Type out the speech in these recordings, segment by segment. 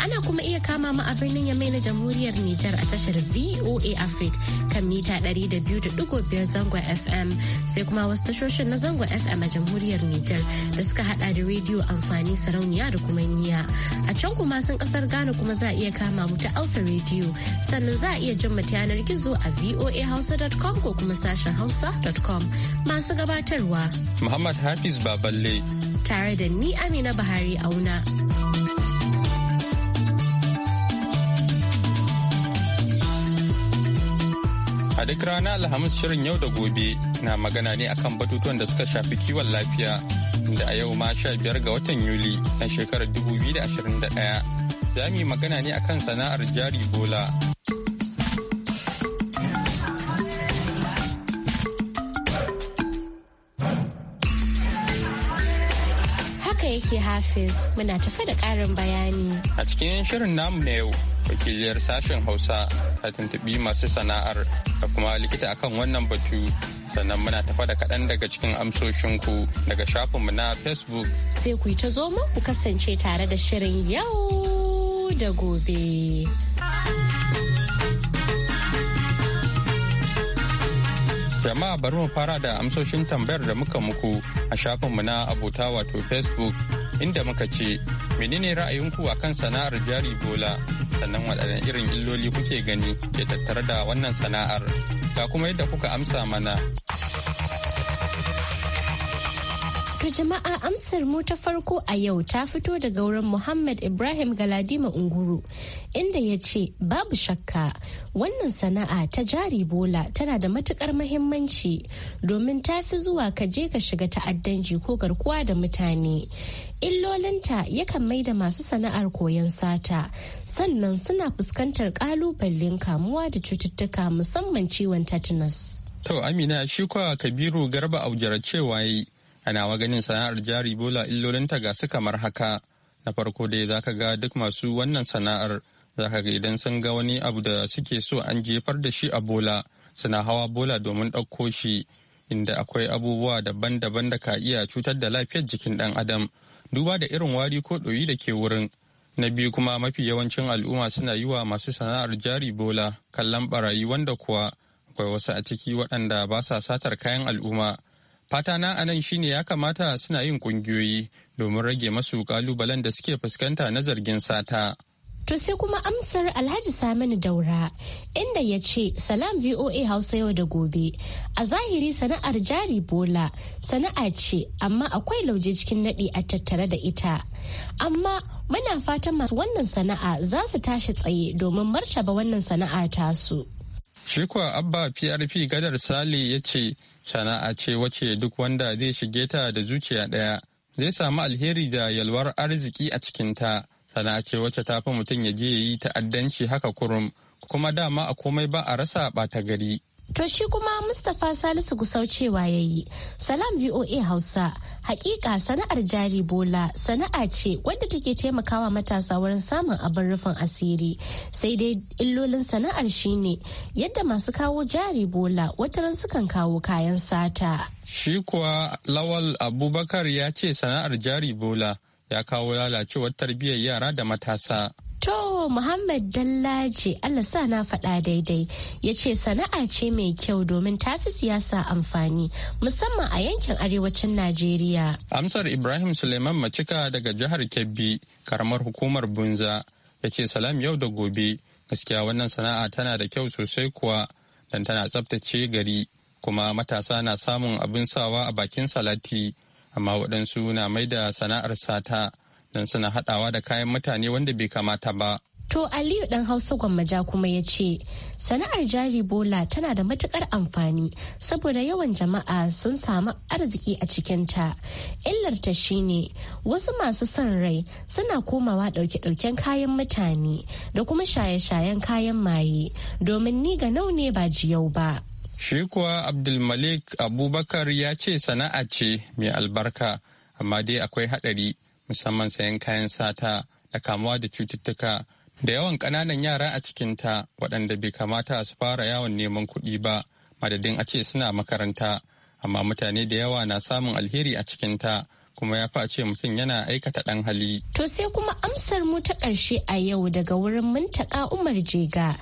Ana kuma iya kama mu a birnin Yamai na Jamhuriyar Nijar a tashar VOA Africa kan mita 200.5 zangon FM sai kuma wasu tashoshin na zangon FM a Jamhuriyar Nijar da suka hada da rediyo amfani sarauniya da kuma niya. A can kuma sun kasar Ghana kuma za a iya kama mu ta Alsa rediyo sannan za a iya jin mu ta yanar gizo a voahausa.com ko kuma sashen hausa.com masu gabatarwa. Muhammad Hafiz Baballe. Tare da ni Amina Buhari Auna. A duk rana Alhamis shirin yau da gobe na magana ne akan batutuwan da suka shafi kiwon lafiya da a yau ma sha biyar ga watan Yuli na shekarar 2021 za mu yi magana ne akan sana'ar jari bola nake Hafiz muna tafa da ƙarin bayani. A cikin shirin namu na yau, wakiliyar sashen Hausa ta tuntuɓi masu sana'ar da kuma likita akan wannan batu. sannan muna tafa da kaɗan daga cikin amsoshinku daga shafinmu na facebook sai ku yi ta zo mu ku kasance tare da shirin yau da gobe. Jama'a bari mu fara da amsoshin tambayar da muka muku a shafinmu na abota wato Facebook inda muka ce menene ra'ayinku a kan sana'ar jari bola sannan waɗanne irin illoli kuke gani ke tattare da wannan sana'ar ga kuma yadda kuka amsa mana To jama'a amsar mu ta farko a yau ta fito daga wurin Muhammad Ibrahim Galadima Unguru inda ya ce babu shakka wannan sana'a ta jari bola tana da matukar mahimmanci domin ta fi zuwa ka je ka shiga ta'addanci ko garkuwa da mutane. Illolinta yakan mai da masu sana'ar koyon sata sannan suna fuskantar kalubalen kamuwa da cututtuka musamman ciwon tetanus. To Amina shi Kabiru Garba Aujara cewa ana wa ganin sana'ar jari bola illolinta ga su kamar haka na farko dai zaka ga duk masu wannan sana'ar zaka ga idan sun ga wani abu da suke so an jefar da shi a bola suna hawa bola domin ɗauko shi inda akwai abubuwa daban-daban da ka iya cutar da lafiyar jikin ɗan adam duba da irin wari ko ɗoyi da ke wurin na biyu kuma mafi yawancin al'umma suna yi wa masu sana'ar jari bola kallon barayi wanda kuwa akwai wasu a ciki waɗanda ba sa satar kayan al'umma fata na anan shine ya kamata suna yin kungiyoyi domin rage masu kalubalen da suke fuskanta na zargin sata To sai kuma amsar Alhaji Saminu Daura inda ya ce salam VOA Hausa yau da gobe a zahiri sana'ar jari bola sana'a ce amma akwai lauje cikin nadi a tattare da ita amma muna fatan masu wannan sana'a za su tashi tsaye domin martaba wannan sana'a tasu. Shi kuwa Abba PRP gadar Sale ya ce sana'a ce wace duk wanda zai shige ta da zuciya ɗaya zai samu alheri da yalwar arziki a cikinta sana'a ce wacce ta fi mutum ya je ya yi ta'addanci haka kurum kuma dama a komai ba a rasa ɓata gari To shi kuma Mustapha Salisu Gusau cewa ya yi, Salam VOA Hausa, hakika sana'ar jari bola sana'a ce wadda take taimakawa matasa wurin samun abin rufin asiri. Sai dai illolin sana'ar shine yadda masu kawo jari bola wata wataran sukan kawo kayan sata. Shi kuwa Lawal Abubakar ya ce sana'ar jari bola ya kawo lalacewar tarbiyyar yara da matasa. To Muhammad Dallaji Allah sa na faɗa daidai ya ce sana'a ce mai kyau domin ta fi siyasa amfani musamman a yankin arewacin Najeriya. Amsar Ibrahim Suleiman Macika daga jihar Kebbi karamar hukumar Bunza ya ce salam yau da gobe gaskiya wannan sana'a tana da kyau sosai kuwa don tana tsaftace gari kuma matasa na samun abin sawa a bakin salati amma waɗansu na mai da sana'ar sata don suna haɗawa da kayan mutane wanda bai kamata ba. To Aliyu ɗan Hausa Gwammaja kuma ya ce, sana'ar jari bola tana da matukar amfani saboda yawan jama'a sun samu arziki a cikinta. Illarta shine wasu masu son rai suna komawa ɗauke-ɗauken kayan mutane da kuma shaye-shayen kayan maye domin ni ga naune ne ba jiyau ba. Shi kuwa Abdulmalik Abubakar ya ce sana'a ce mai albarka, amma dai akwai haɗari. musamman sayan kayan sata da kamuwa da cututtuka da yawan ƙananan yara a cikinta waɗanda bai kamata su fara yawon neman kuɗi ba madadin a ce suna makaranta amma mutane da yawa na samun alheri a cikinta kuma ya fi ce mutum yana aikata ɗan hali. To sai kuma amsar mu ta ƙarshe a yau daga wurin mintaka Umar Jega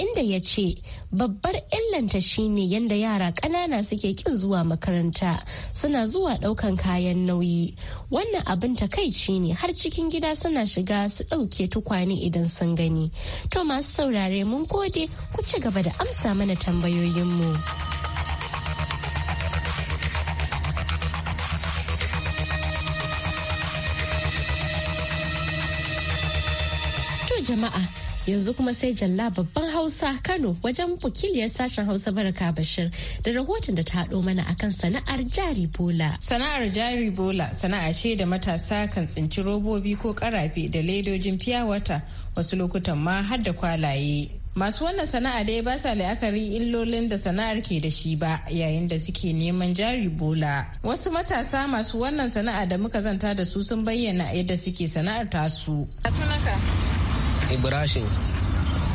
inda ya ce babbar illanta shine yadda yara ƙanana suke kin zuwa makaranta suna zuwa ɗaukan kayan nauyi wannan abin takaici ne har cikin gida suna shiga su ɗauke tukwane idan sun gani to masu saurare mun gode ku ci gaba da amsa mana tambayoyinmu. jama'a yanzu kuma sai jalla babban hausa kano wajen bukiliyar sashen hausa baraka bashir da rahoton da ta haɗo mana akan sana'ar jari bola sana'ar jari bola sana'a ce da matasa kan tsinci robobi ko karafe da ledojin fiyawata wasu lokutan ma hadda da kwalaye masu wannan sana'a dai ba sa la'akari illolin da sana'ar ke da shi ba yayin da suke neman jari bola wasu matasa masu wannan sana'a da muka zanta da su sun bayyana yadda suke sana'ar tasu sunanka ibrahim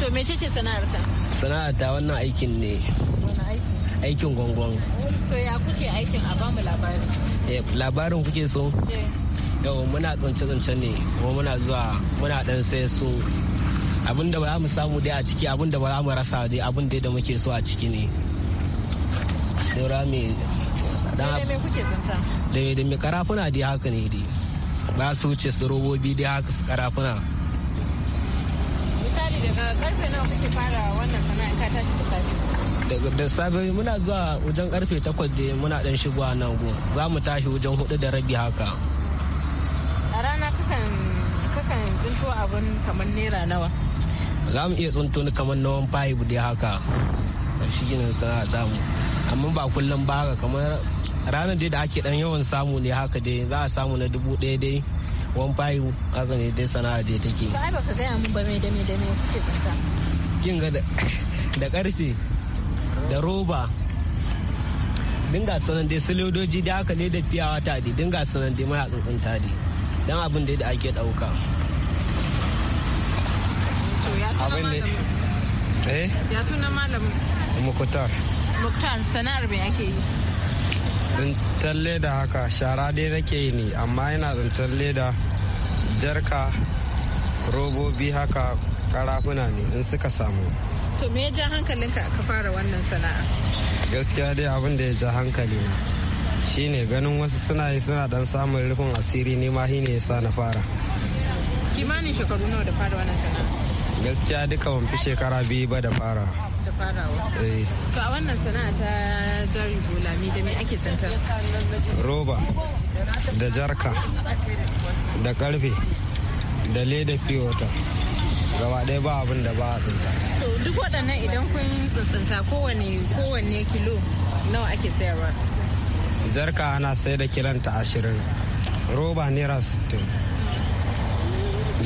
to me ce sana'arka sana'arta wannan aikin ne aikin gwangwan to ya kuke aikin a bamu labari eh, labarin kuke so eh. yau muna tsance-tsance ne kuma muna zuwa muna dan sai su abin da ba mu samu dai a ciki abin da ba mu rasa dai abin da da muke so a ciki ne saura me da me kuke tsinta da me karafuna dai haka ne dai ba su wuce su robobi dai haka su karafuna misali daga karfe nawa fara wannan sana'a ta tashi da safe da safe muna zuwa wajen karfe takwas da muna dan shigowa nan go za mu tashi wajen hudu da rabi haka a rana kakan kakan tsinto abin kamar naira nawa za mu iya tsinto ni kamar nawan fayi dai haka shi ne sana'a za mu amma ba kullum ba haka kamar ranar dai da ake dan yawan samu ne haka dai za a samu na dubu ɗaya dai wan bayu haka ne dai sana'a je take ba ai baka gaya mun ba mai da me da kuke zanta kin ga da karfe da roba dinga sanan dai silodoji da haka ne da fiyawa ta di dinga sanan dai mai hakikin ta di dan abin da ake dauka to ya sunan malamin eh ya sunan malamin mukhtar muktar sana'ar me ake yi tsintar leda haka shara dai nake yi ne amma yana tsintar leda jarka robobi haka karafuna ne in suka samu to me ya ja hankalinka ka fara wannan sana'a gaskiya dai abin da ya ja hankali na shine ganin wasu suna yi suna dan samun rufin asiri ne ma shine ya sa na fara kimanin shekaru nawa da fara wannan sana'a gaskiya duka ban fi shekara biyu ba da fara da farawa eh. to a wannan sana'a ta jari bola da me ake santar roba da jarka da karfe da leda fiyota gaba ɗaya ba abin da ba a tsinta duk waɗannan idan kun tsintsinta kowane kowanne kilo nawa ake sayarwa jarka ana sai da kilanta ashirin roba naira sittin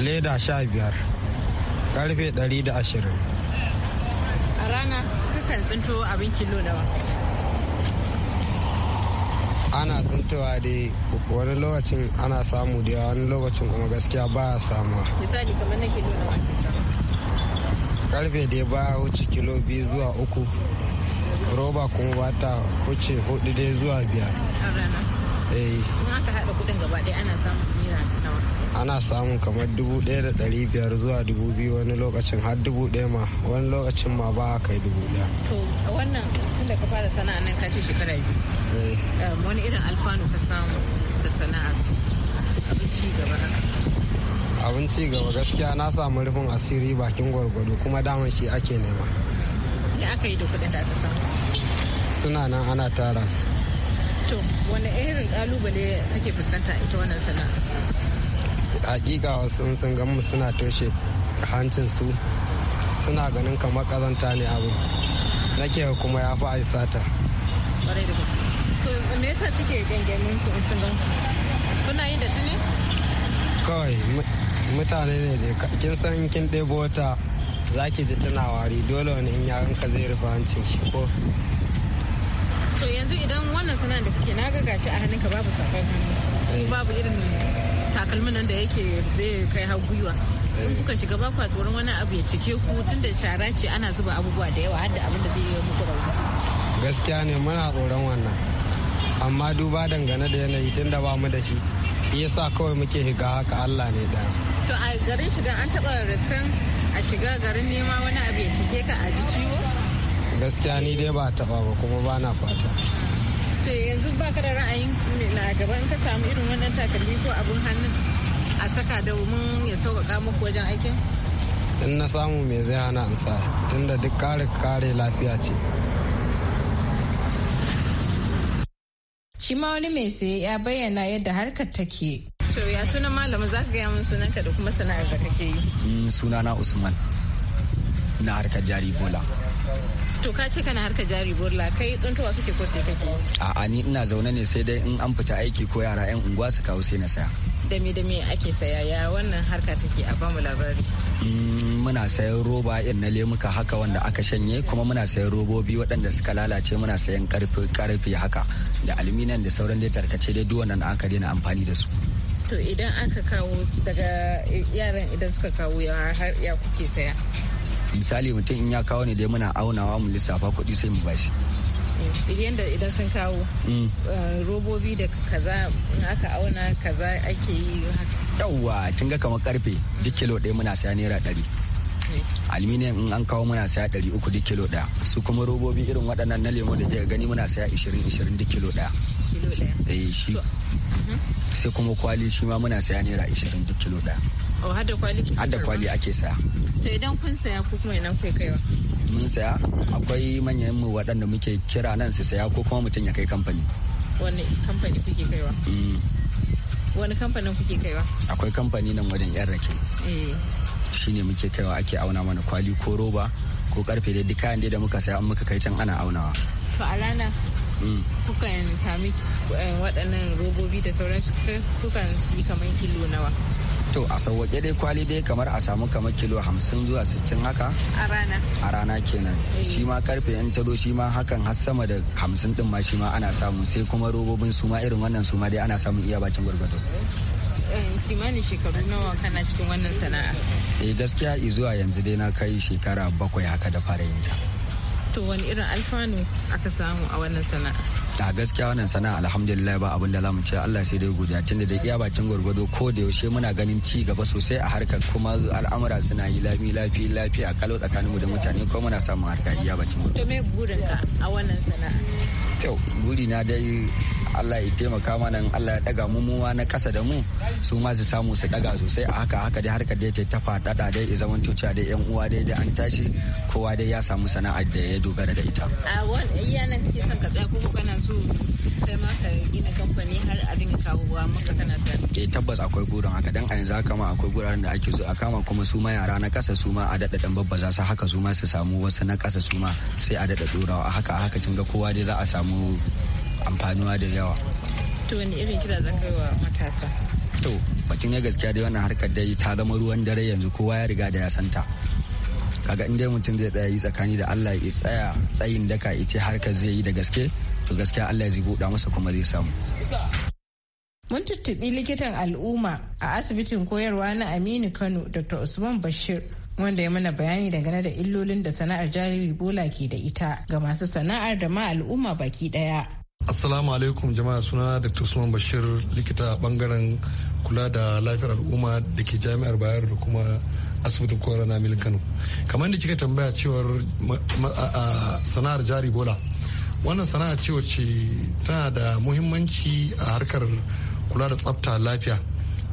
leda sha biyar karfe 120 a rana kukan tsinto abin kilo nawa ana tsintowa dai wani lokacin ana samu da yawa wani lokacin kuma gaskiya ba a samu. misali kamar na kilo nawa karfe dai ba wuce kilo biyu zuwa uku roba kuma ba ta wuce hudu dai zuwa biyar eh aka haɗa kuɗin gaba ɗaya ana samun naira nawa ana samun kamar dubu ɗaya da ɗari biyar zuwa dubu biyu wani lokacin har dubu ɗaya ma wani lokacin ma ba kai dubu ɗaya to wannan tun da ka fara sana'a nan ka ce shekara biyu eh. um, wani irin alfanu ka samu da sana'a abin abinci gaba haka abinci gaba gaskiya na samu rufin asiri bakin gwargwado kuma daman shi ake nema. Ya aka yi da kuɗin da aka samu? Suna nan ana tara su. wani irin kalubale kake fuskanta ita wannan sana'a hakika wasu sun gan suna toshe hancin su suna ganin kamar kazanta ne abu nake kuma ya fi ai sata me yasa suke gangamin ku sun gan kuna yin da tuni kawai mutane ne da kin san kin ɗebo wata za ki ji tunawari dole wani in yaranka zai rufe hancin ko to yanzu idan wannan sana'ar da kake naga gashi a hannunka babu safan hannu eh. babu irin takalmin nan da yake zai kai har gwiwa in eh. kuka shiga ba kwa tsoron wani abu ya cike ku tunda shara ce ana zuba abubuwa da yawa har da abin da zai yi muku rauni gaskiya ne muna tsoron wannan amma duba dangane da yanayi da ba mu da shi yasa kawai muke shiga haka Allah ne da to a garin shiga an taba raskan a shiga garin nema wani abu ya cike ka a ji ciwo gaskiya ni dai ba taba ba kuma ba na fata to yanzu ba ka da ra'ayin na gaba in ka samu irin wannan takalmi ko abin hannun a saka da mun ya sauƙaƙa muku wajen aikin in na samu me zai hana in sa tunda duk kare kare lafiya ce shima wani mai saye ya bayyana yadda harkar take to ya sunan malamin za ka gaya min sunanka da kuma sana'ar da kake yi sunana usman na harkar jari bola to ka ce kana harka jari burla kai tsuntuwa kake ko sai kake a'a ni ina zaune ne sai dai in an fita aiki ko yara yan unguwa su kawo sai na saya da me ake saya ya wannan harka take a bamu labari mm, muna sayan roba in na lemuka haka wanda aka shanye kuma muna sayan robobi waɗanda suka lalace muna sayan karfe karfe haka da alminan da sauran dai tarkace dai duk wannan aka daina amfani da su to idan aka kawo daga eh, yaran idan suka kawo ya kuke saya misali mutum in ya kawo ne dai muna aunawa mu lissafa kuɗi sai mu bashi yadda eh, idan sun kawo mm. eh, robobi da kaza in aka auna kaza ake yi haka yawwa kin ga kamar karfe duk kilo ɗaya muna saya naira ɗari eh. aluminium in an kawo muna saya ɗari uku duk kilo ɗaya su kuma robobi irin waɗannan na lemo da ke gani muna saya ishirin ishirin duk kilo ɗaya eh shi mhm. sai kuma kwali shi ma muna saya naira ishirin duk kilo ɗaya oh, har kwali ake saya to idan kun saya ko kuma idan kai kaiwa mun saya akwai manyan mu waɗanda muke kira nan su saya ko kuma mutum ya kai kamfani wani kamfani kuke kaiwa mm. wani kamfanin kuke kaiwa akwai kamfani nan wajen yan rake eh. shine muke kaiwa ake auna mana kwali ko roba ko karfe da duk kayan da muka saya an muka kai can ana aunawa to a rana mm. kukan sami eh, waɗannan robobi da sauransu kukan yi kamar kilo nawa to a sauwaƙe dai kwali dai kamar a samu kamar kilo hamsin zuwa sittin haka a rana a rana kenan eh. shi ma karfe in ta zo shi ma hakan har sama da hamsin din ma shi ma ana samu sai kuma robobin su ma irin wannan su ma dai ana samun iya bakin gwargwado eh, kimanin shekaru nawa kana cikin wannan sana'a eh gaskiya zuwa yanzu dai na kai shekara bakwai haka da fara yin ta to wani irin alfanu aka samu a wannan sana'a a gaskiya wannan sana'a alhamdulillah ba abin da za mu ce Allah sai dai godiya tunda da iya bakin gwargwado ko da yaushe muna ganin ci gaba sosai a harkar kuma al'amura suna yi lami lafi lafiya a kalo tsakaninmu da mutane ko muna samun harka iya bakin gwargwado. To me burinka a wannan sana'a? To buri na dai Allah ya taimaka mana in Allah ya daga mu muwa na kasa da mu su ma su samu su daga sosai a haka haka dai harkar dai ta faɗaɗa dai ya zama cewa dai yan uwa dai da an tashi kowa dai ya samu sana'ar da ya dogara da ita. A wani eh, iya nan kake son ka tsaya ko kana so kai ma ka gina kamfani har a dinga wa maka kana sani. Eh tabbas akwai burin haka dan a yanzu haka ma akwai guraren da ake so a kama kuma su ma yara na kasa su ma a daɗa ɗan za su haka su ma su samu wasu na kasa su ma sai a daɗa ɗorawa a haka a haka kin ga kowa dai za a samu amfanuwa da yawa to wani irin kira zan kai wa matasa to bakin ya gaskiya dai wannan harkar dai ta zama ruwan dare yanzu kowa ya riga da ya santa kaga in dai mutum zai tsaya yi tsakani da Allah ya tsaya tsayin daka ya ce harkar zai yi da gaske to gaskiya Allah zai buɗa masa kuma zai samu mun tuttubi likitan al'umma a asibitin koyarwa na Aminu Kano Dr. Usman Bashir wanda ya mana bayani dangane da illolin da sana'ar jariri bola ke da ita ga masu sana'ar da ma al'umma baki daya Assalamu alaikum jama'a suna Dr. Suman Bashir likita bangaren kula da lafiyar al'umma da ke jami'ar Bayero da kuma asibitin na milin Kano. Kamar da kika tambaya cewar sana'ar jari bola. Wannan sana'a ce wacce tana da muhimmanci a harkar kula da tsafta lafiya.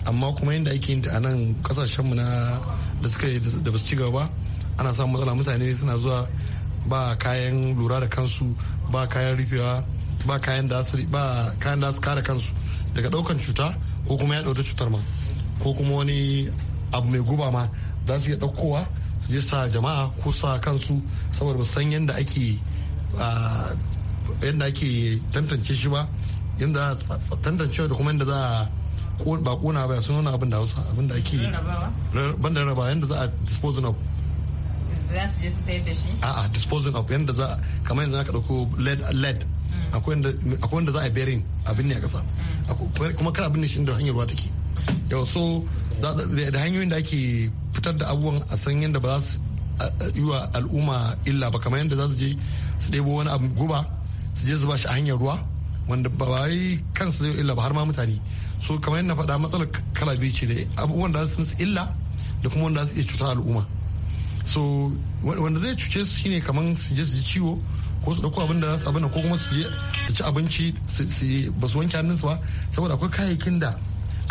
Amma kuma yadda ake yin ta a nan kasashenmu na da suka da basu ci gaba ba ana samun matsala mutane suna zuwa ba kayan lura da kansu ba kayan rufewa ba kayan da su ba kayan da su kare kansu daga daukan cuta ko kuma ya da cutar ma ko kuma wani abu mai guba ma za su iya daukowa su je sa jama'a ko sa kansu saboda san yadda ake yadda ake tantance shi ba yadda tantance da kuma yadda za a ba kona ba sun wani abin da hausa abin da ake ban da raba yadda za a dispose of za su je su sayar da shi a'a disposal of yadda za kamar yanzu aka dauko lead akwai wanda za a berin abin ne a ƙasa kuma kar abin ne shi da hanyar ruwa take yau so da hanyoyin da ake fitar da abubuwan a san yadda ba za su yi wa al'umma illa ba kamar yadda za su je su ɗebo wani abu guba su je su ba shi a hanyar ruwa wanda ba wai kansu zai illa ba har ma mutane so kamar yadda faɗa matsalar kala biyu ce da abubuwan da za su musu illa da kuma wanda za su iya cutar al'umma so wanda zai cuce su shine kamar su je su ji ciwo ko su dauko abin da zasu su abin ko kuma su je su ci abinci su ba su wanke hannunsu ba saboda akwai kayayyakin da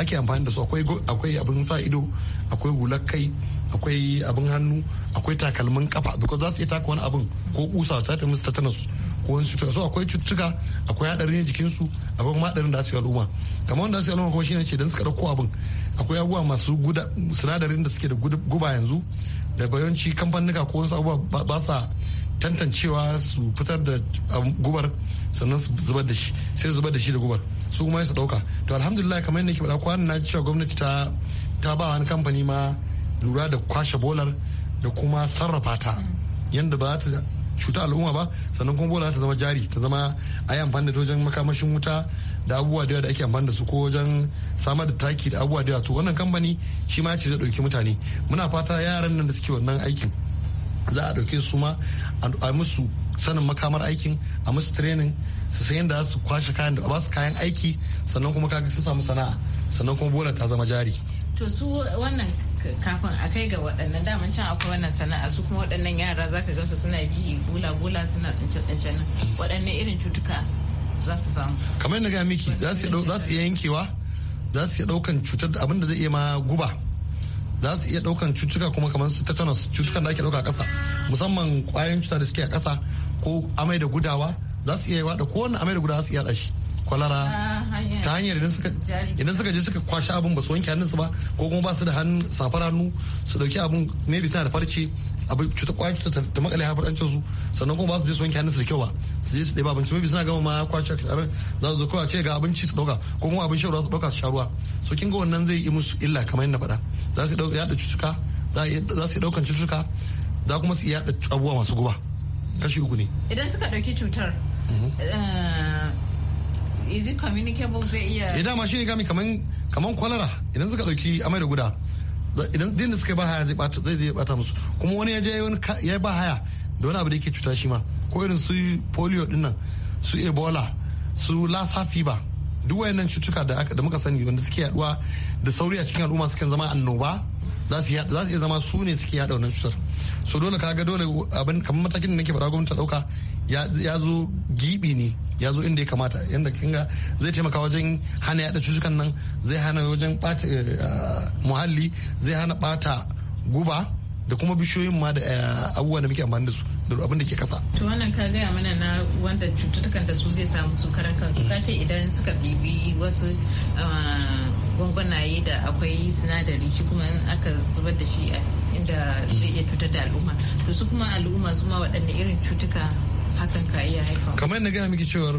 ake amfani da su akwai abin sa ido akwai hular kai akwai abin hannu akwai takalmin kafa because za su iya taka wani abin ko kusa su ta musu tetanus ko wani cuta so akwai cututtuka akwai hadarin jikin su akwai kuma hadarin da su yi al'umma kamar wanda su yi al'umma kuma shine ce dan suka dauko abin akwai abubuwa masu guda sinadarin da suke da guba yanzu da bayanci kamfanika ko wasu abubuwa ba sa tantancewa su fitar da um, gubar sannan su zubar da shi sai zubar da shi da gubar su kuma su dauka to alhamdulillah kamar yadda ke faɗa kwanan na cewa gwamnati ta ta ba wani kamfani ma lura da kwashe bolar da kuma sarrafa ta yadda ba ta cuta al'umma ba sannan kuma bola ta zama jari ta zama a yi amfani da ta wajen makamashin wuta da abubuwa da yawa da ake amfani da su ko wajen samar da taki da abubuwa da yawa to wannan kamfani shi ma ce zai ɗauki mutane muna fata yaran nan da suke wannan aikin za a ɗauke su ma a musu sanin makamar aikin a musu training su san yadda su kwashe kayan da ba su kayan aiki sannan kuma kaga sun samu sana'a sannan kuma bola ta zama jari to su wannan kafin a kai ga waɗannan daman can akwai wannan sana'a su kuma waɗannan yara za ka gasa suna biyi bula bula suna tsince tsince nan waɗannan irin cutuka za su samu kamar na ga miki za su iya yankewa za su iya ɗaukan cutar da abin da zai iya ma guba za su iya daukan cutuka kuma kamar su tetanus cutukan da ake dauka a kasa musamman kwayoyin cuta da suke a kasa ko amai da gudawa za su iya ko kowane amai da gudawa su iya yada kwalara ta hanyar idan suka je suka kwashe abin ba su wanke hannunsu ba ko kuma ba su da hannun safar hannu su dauki abin mebi suna da farce abin cuta kwaya cuta ta makale haifar an su sannan kuma ba su je su wanke hannunsu da kyau ba su je su ɗeba abinci mabi suna gama ma kwace sharar za su zo kawai ce ga abinci su ɗauka ko kuma abin shawara su ɗauka su sha ruwa so kin ga wannan zai yi musu illa kamar yadda faɗa za su yaɗa cutuka za su ɗaukan cutuka za kuma su yaɗa abubuwa masu guba kashi uku ne idan suka ɗauki cutar mhm. eh, is it communicable zai iya idan eh, ma shi ne gami kaman kwalara idan suka ɗauki amai da guda idan din da suka ba haya zai bata zai zai bata musu kuma wani ya je wani ya ba haya da wani abu da yake cuta shi ma ko irin su polio din nan su ebola su lassa fever duk wayannan cutuka da da muka sani wanda suke yaduwa da sauri a cikin al'umma suke zama annoba za su iya zama su ne suke yada wannan cutar so dole kaga dole abin kamar matakin da nake faɗa gwamnati ta dauka ya zo gibi ne ya zo inda ya kamata yadda kinga zai taimaka wajen hana yada cutukan nan zai hana wajen bata eh, ah, muhalli zai hana bata guba da kuma bishiyoyin ma da eh, abubuwan da muke amfani da su da abin da ke kasa. To wannan ka gaya mana na wanda cututtukan da su zai samu su karan kansu ka ce idan suka bibi wasu ah, gwangwanaye da akwai sinadari shi kuma aka zubar da shi inda zai iya cutar da al'umma to su kuma al'umma su ma waɗanne irin cutuka hakan ka iya haifa kamar na gaya miki cewar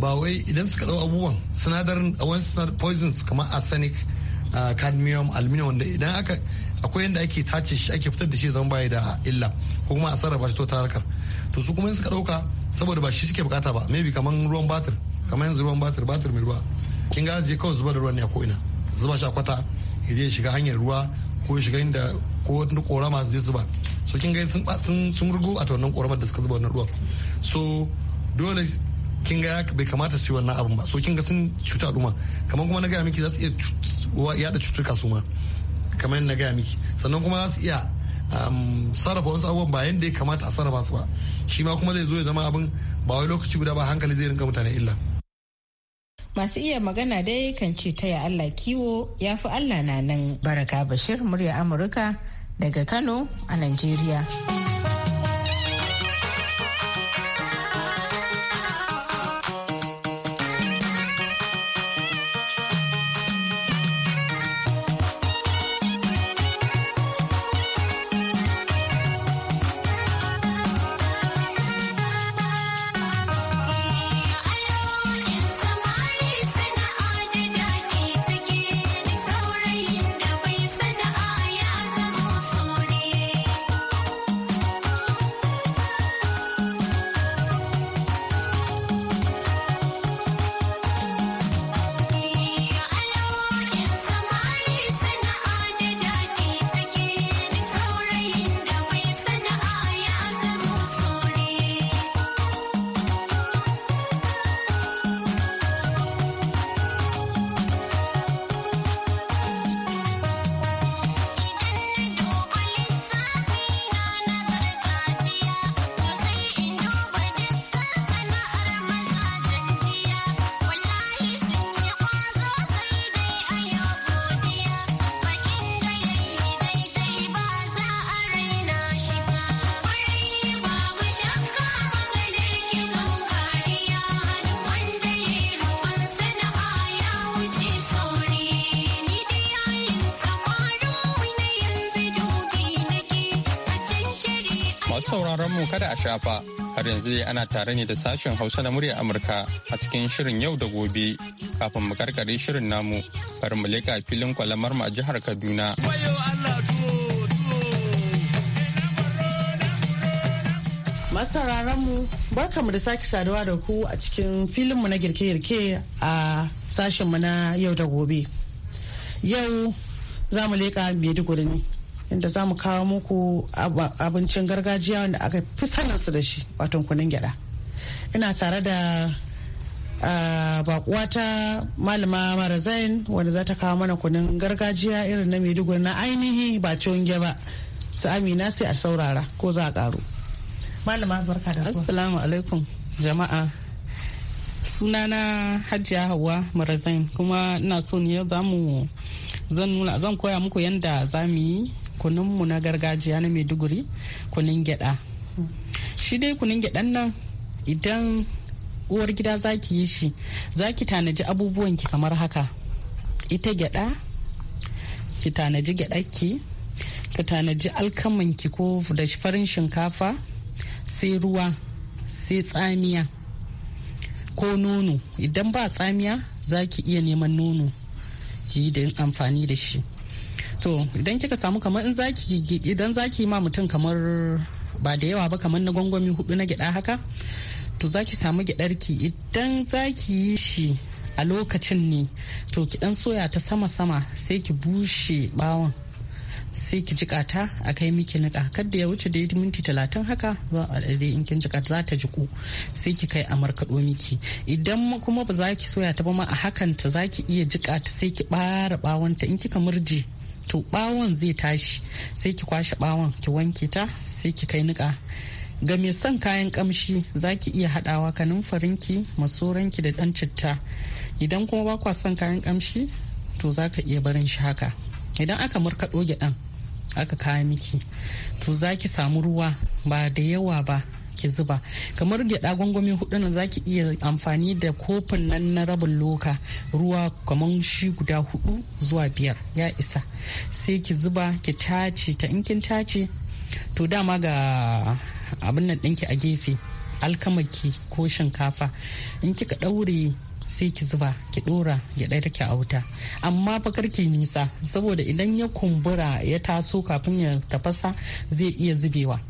ba wai idan suka dau abubuwan sinadarin a wani sinadar poisons kamar arsenic cadmium aluminium wanda idan aka akwai yadda ake tace shi ake fitar da shi zan baya da illa ko kuma a sarrafa shi to ta harkar to su kuma suka dauka saboda ba shi suke bukata ba maybe kamar ruwan batir kamar yanzu ruwan batir batir mai ruwa kin ga je kawai zuba da ruwan ne a ko ina zuba shi a kwata ya shiga hanyar ruwa ko shiga inda ko wani korama zai zuba so kin ga sun sun rugu a wannan koramar da suka zuba wannan ruwan so dole kin ga bai kamata su yi wannan abin ba so kin ga sun cuta duma kamar kuma na gaya miki za su iya yada cutuka su ma kamar na gaya miki sannan kuma za su iya um, sarrafa wasu abubuwan ba yadda ya kamata a sarrafa su ba shi ma kuma zai zo ya zama abin ba wai lokaci guda ba hankali zai rinka mutane illa masu iya magana dai kan ce ta ya Allah kiwo ya fi Allah na nan. Baraka Bashir murya Amurka daga Kano a Najeriya. sauraron mu kada a shafa har yanzu ana tare ne da sashen hausa na murya amurka a cikin shirin yau da gobe kafin mu karkare shirin namu bari mu leƙa filin kwalamar a jihar kaduna masararanmu mu da sake saduwa da ku a cikin filinmu na girke-girke a sashenmu na yau da gobe yau za mu leƙa maiduguri ne inda za mu kawo muku abincin gargajiya wanda aka fi su da shi wato kunun gyada ina tare da bakuwa ta malama marazain wanda za ta kawo mana kunun gargajiya irin na maiduguri na ainihi ba ciwonge ba su amina sai a saurara ko za a karu malama barka da assalamu alaikum jama'a sunana hajiya hawa marazain kuma ina so ne za mu zan nuna zan koya muku yadda za mu yi mu na gargajiya na maiduguri kunun gyada shi dai kunun gyadan nan idan uwar gida za ki yi shi za ki tanaji ki kamar haka ita gyada ki tanaji gyadakki ki tanaji alkamanki ko da farin shinkafa sai ruwa sai tsamiya ko nono idan ba tsamiya za ki iya neman nono ki yi da amfani da shi to idan kika samu kamar in zaki idan zaki ma mutum kamar ba da yawa ba kamar na gwangwami hudu na gyada haka to zaki samu ki idan zaki yi shi a lokacin ne to ki dan soya ta sama sama sai ki bushe bawon sai ki jika ta a kai miki nika kadda ya wuce da minti talatin haka ba a in kin jika za ta jiku sai ki kai a markaɗo miki idan kuma ba za ki soya ta ba ma a hakan ta za ki iya jika ta sai ki bara ta in kika murje to bawon zai tashi sai ki kwashe bawon ki wanke ta sai ki kai niƙa ga mai son kayan kamshi za ki iya haɗawa kanumfarinki masoranki da ɗan citta idan kuma ba kwa son kayan kamshi to za ka iya barin shi haka idan aka markaɗo gyaɗan aka kaya miki to za ki samu ruwa ba da yawa ba ki zuba kamar gyada gwangwami hudu nan zaki iya amfani da kofin nan na rabin loka ruwa kamar shi guda hudu zuwa biyar ya isa sai ki zuba ki tace ta in kin tace to dama ga abin nan ɗinki a gefe alkamaki ko shinkafa in kika ɗaure sai ki zuba ki dora ya ɗaya ki a wuta amma fa kar ki nisa saboda idan ya kumbura ya taso kafin ya tafasa zai iya zubewa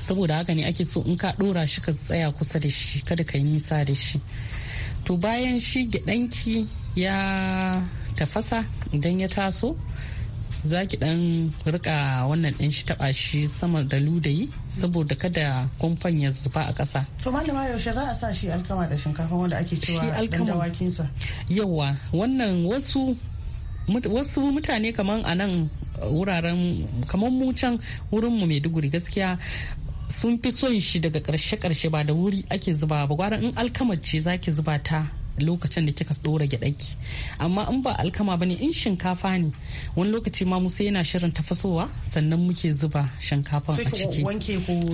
saboda haka ne ake so in ka dora shi ka tsaya kusa da shi kada ka yi nisa da shi to bayan shi gidanki ya tafasa idan ya taso za ki dan rika wannan din shi taba shi sama da ludayi saboda kada kumfan ya zuba a ƙasa. to malama yaushe za a sa shi alkama da shinkafa wanda ake cewa dan dawakin sa yawa wannan wasu wasu mutane kaman a nan wuraren kamar mu can wurin mu maiduguri gaskiya sun fi son shi daga karshe-karshe ba da wuri ake zuba ba gwara in alkamar ce zaki zuba ta lokacin da kika dora gyaɗaki amma in ba alkama ba ne in shinkafa ne wani lokaci ma musa yana shirin tafasowa sannan muke zuba shinkafa a ciki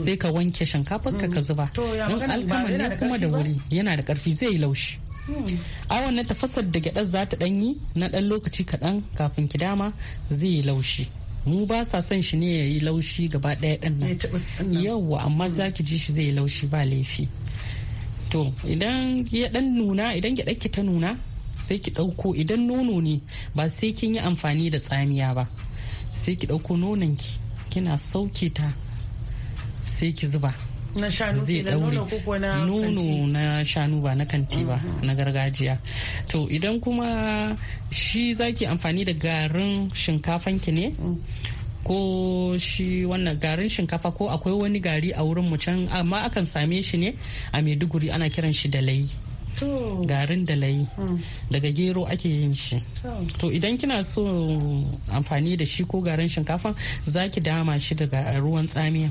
sai ka wanke shinkafar ka ka mm. zuba in alkama ne kuma da wuri yana da karfi zai yi laushi awon wannan tafasar da gyaɗar za ta ɗanyi na ɗan lokaci kaɗan kafin ki dama zai yi laushi mu ba sa son shi ne ya yi laushi gaba ɗaya ɗan nan yawwa amma za ki ji shi zai yi laushi ba laifi to idan ya ɗan nuna idan gyaɗar ki ta nuna sai ki ɗauko idan nono ne ba sai kin yi amfani da tsamiya ba sai ki ɗauko nonon ki kina sauke ta sai ki zuba na shanu zai daure nono na shanu ba na kanti ba mm-hmm. na gargajiya to idan kuma shi zaki amfani da garin shinkafan ki ne mm. ko shi wannan garin shinkafa ko akwai wani gari a wurin mu can amma akan same shi ne a maiduguri ana kiran shi da layi garin da layi hmm. daga gero ake yin shi to idan kina so amfani da shi ko garin shinkafa za ki dama shi daga ruwan tsamiya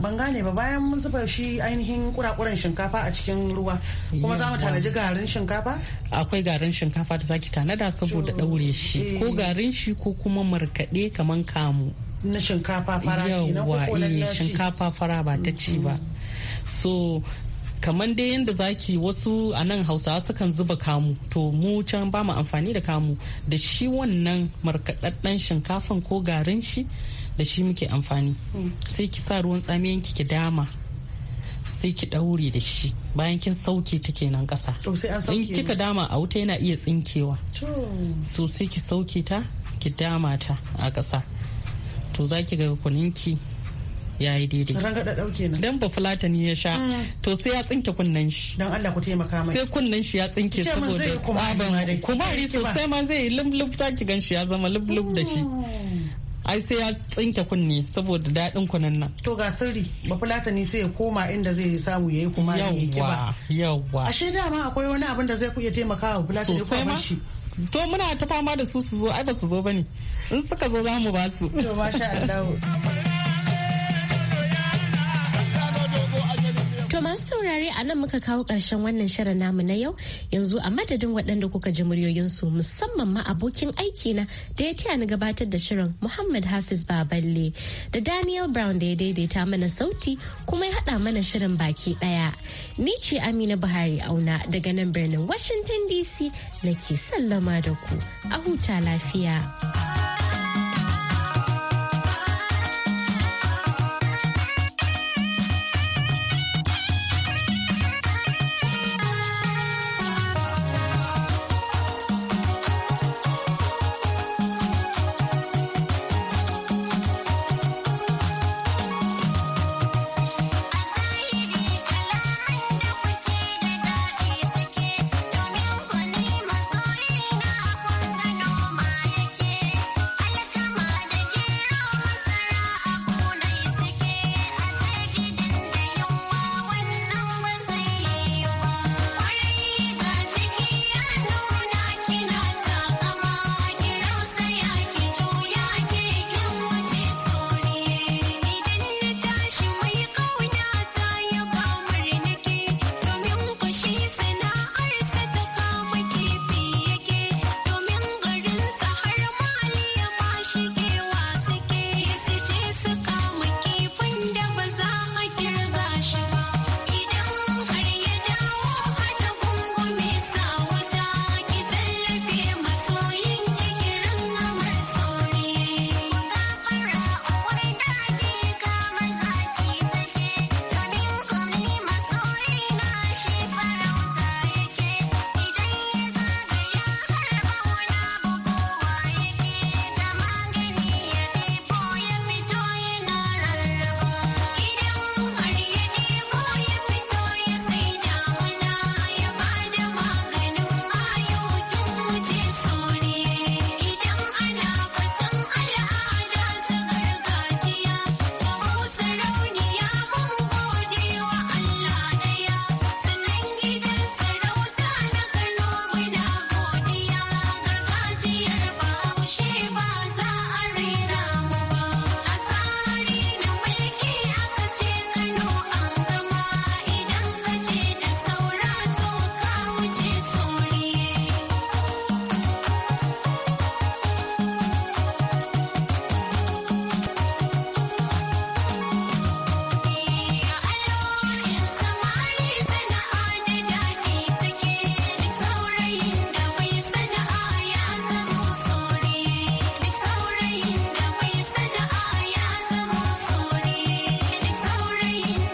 ban gane ba bayan mun zuba shi ainihin kurakuran shinkafa a cikin ruwa kuma za mu tanaji garin shinkafa akwai garin shinkafa da zaki tanada saboda daure shi ko eh. garin shi ko kuma markade kaman kamu na shinkafa fara kenan na eh, shinkafa fara ba ta ci ba hmm, hmm. so kamar dai yadda zaki wasu a nan hausawa sukan zuba kamu to mu can ba mu amfani da kamu da shi wannan markaɗaɗɗen shinkafan ko garin shi da shi muke amfani mm. sai ki sa ruwan tsamiya ki dama sai ki ɗaure da shi bayan kin sauke ta kenan ƙasa in kika dama a wuta yana iya tsinkewa so sai ki sauke ta ki dama ta a ƙasa to zaki ki ga kuninki ya yi daidai rangada dauke nan dan ba fulatani ya sha mm. to sai ya tsinke kunnen shi dan Allah ku taimaka mai sai kunnen shi ya tsinke saboda kuma kumari sosai ma zai yi lublub za ki gan shi ya zama lublub da shi mm. ai sai ya tsinke kunne saboda daɗin kunnen nan to ga sirri ba ne sai ya koma inda zai samu yayi kuma ya yi kiba yawa ashe dama akwai wani abin da zai ku iya taimaka wa ne kuma shi to muna ta fama da su su zo ai ba su zo bane in suka zo za mu ba su to masha Allah Masu saurare a nan muka kawo ƙarshen wannan shirin namu na yau yanzu a madadin waɗanda kuka ji muryoyinsu musamman ma abokin aikina da ya taya ni gabatar da shirin Muhammad Hafiz Baballe da Daniel Brown da ya daidaita mana sauti kuma ya haɗa mana shirin baki ɗaya. Ni ce Amina Buhari Auna daga nan birnin Washington DC nake sallama da ku a huta lafiya.